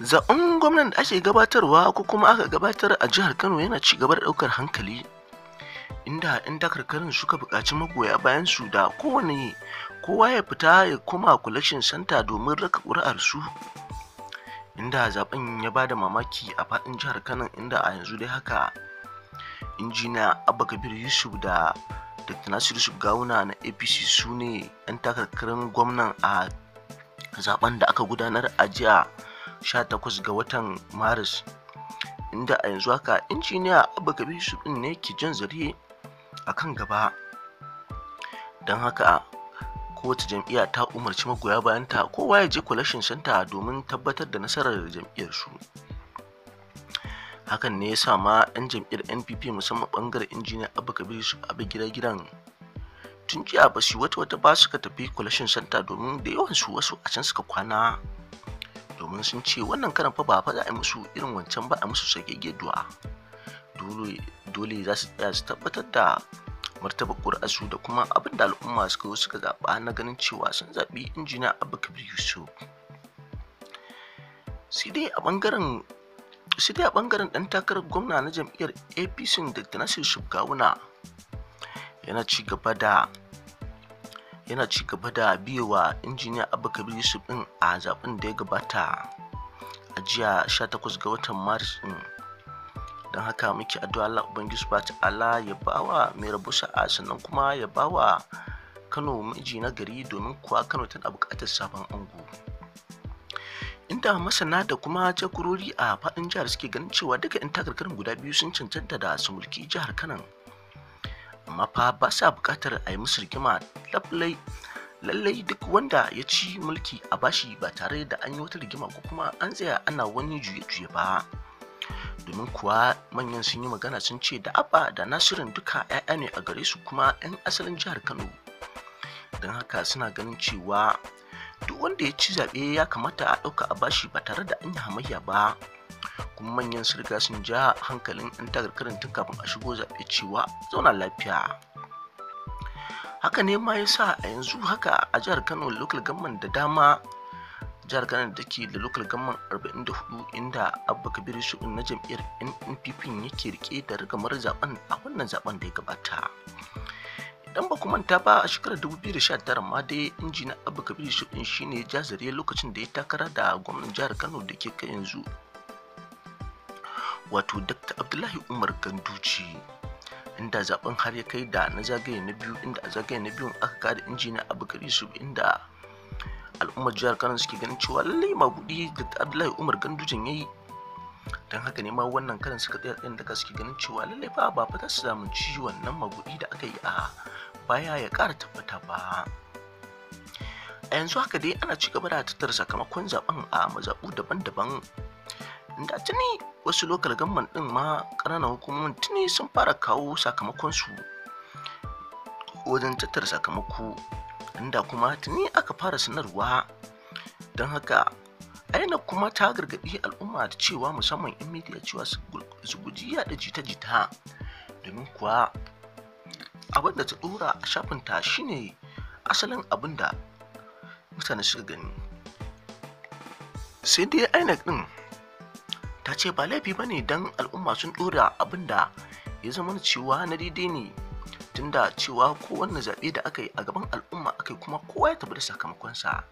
zaɓen gwamnan da ake gabatarwa ko kuma aka gabatar a jihar kano yana ci gaba da ɗaukar hankali inda 'yan takarkarin suka buƙaci magoya bayan su da kowane kowa ya fita ya koma kulashin santa domin raka ƙuri'arsu inda zaɓin ya ba da mamaki a faɗin jihar kano inda a yanzu dai haka injiniya abba kabir yusuf da dr nasiru yusuf gawuna na apc su ne 'yan takarkarin gwamnan a zaɓen da aka gudanar a jiya 18 ga watan maris inda a yanzu haka injiniya abba kabir din ne ke jan zare a kan gaba don haka kowace jam'iya ta umarci magoya bayanta kowa ya je kwalashin santa domin tabbatar da nasarar jam'iyyar su hakan ne ya sa ma 'yan jam'iyyar npp musamman bangaren injiniya abba kabir su abu gida gidan tun jiya ba su wata wata ba suka tafi kwalashin santa domin da yawan su wasu a can suka kwana domin sun ce wannan karan fa ba faɗa a musu irin wancan ba a musu sagegge du'a dole za su tsaya su tabbatar da martaba ƙuri'arsu da kuma abin da al'umma suka yi suka zaɓa na ganin cewa sun zaɓi injina abu kabir yusuf sai dai a ɓangaren ɗan takarar gwamna na jam'iyyar apc da nasir shugabuna yana ci gaba da yana ci gaba da biyewa injiniya abu kabir yusuf din a zaben da ya gabata a jiya 18 ga watan maris din don haka muke addu'a Allah ubangiji subhanahu ta'ala ya bawa mai rabu sa'a sannan kuma ya bawa Kano miji na gari domin kuwa Kano tana bukatar sabon ango inda masana da kuma jakurori a faɗin jihar suke ganin cewa duka 'yan takarkarin guda biyu sun cancanta da su mulki jihar Kano amma fa ba sa bukatar a yi musu rigima lallai lallai duk wanda ya ci mulki a bashi ba tare da an yi wata rigima ko kuma an tsaya ana wani juye-juye ba domin kuwa manyan sun yi magana sun ce da abba da nasirin duka 'ya'ya ne a gare su kuma 'yan asalin jihar kano don haka suna ganin cewa duk wanda ya ci zaɓe ya kamata a ɗauka a bashi ba tare da an yi hamayya ba kuma manyan sirga sun ja hankalin 'yan takarkarin tun kafin a shigo zaɓe cewa zauna lafiya haka ne ma ya sa a yanzu haka a jihar kano local government da dama jihar kano da ke da local government 44 inda abba kabiru shu'un na jam'iyyar nnpp yake rike da rigamar zaben a wannan zaben da ya gabata idan ba manta ba a shekarar 2019 ma dai injina abu kabir shi shine jazare lokacin da ya takara da gwamnan jihar kano da ke kai yanzu wato dr abdullahi umar ganduci inda zaben har ya kai da na zagaye na biyu inda a zagaye na biyu aka kada injina abubakar su inda al'ummar jihar kano suke ganin cewa lallai magudi da abdullahi umar gandujin ya yi don haka ne ma wannan karin suka tsaya tsayin daga suke ganin cewa lallai fa ba fa su samu ci wannan magudi da aka yi a baya ya ƙara tabbata ba a yanzu haka dai ana ci gaba da tattar sakamakon zaben a mazaɓu daban-daban inda tuni wasu lokal gamman ɗin ma ƙananan hukumomin tuni sun fara kawo sakamakonsu wajen tattara sakamako inda kuma tuni aka fara sanarwa don haka aina kuma ta gargaɗi al'umma da cewa musamman in media cewa su guji yaɗa jita-jita domin kuwa abin da ta ɗora a shafinta shine asalin abin da mutane suka gani sai dai inec ɗin ta ce ba laifi ba ne don al'umma sun ɗora abin da ya zama cewa na daidai ne tunda cewa kowanne zaɓe da aka yi a gaban al'umma aka yi kuma kowa ya tabbata sakamakonsa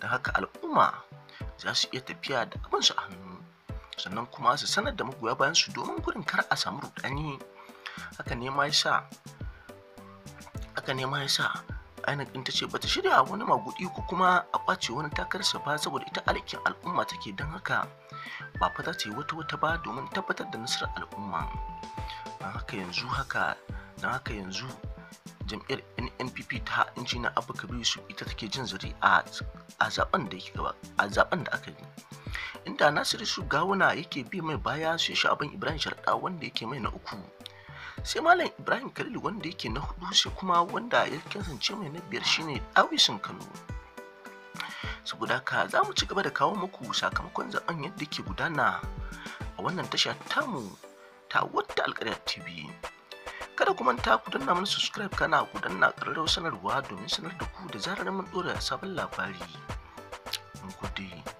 don haka al'umma za su iya tafiya da abinsu a hannu sannan kuma su sanar da magoya bayan su domin gudun kar a samu rudani haka ne ma ya haka yasa inec in ta ce ta shirya wani magudi ko kuma a kwace wani takarsa ba saboda ita alkin al'umma take don haka ba fa za ta yi wata wata ba domin tabbatar da nasarar al'umma don haka yanzu haka don haka yanzu jam'iyyar nnpp ta na abu kabiru su ita take jin zari a zaben da aka yi inda nasiru su yake bi mai baya shi sha'aban ibrahim sharda wanda yake mai na uku sai malam ibrahim khalil wanda yake na hudu sai kuma wanda ya kasance mai na biyar shine awisin kano saboda haka za mu ci gaba da kawo muku sakamakon zaben yadda ke gudana a wannan tasha tamu ta wata alkarya tv kada ku manta ku danna mana subscribe kana ku danna ƙararrawar sanarwa domin sanar da ku da zarar mun ɗora sabon labari mun gode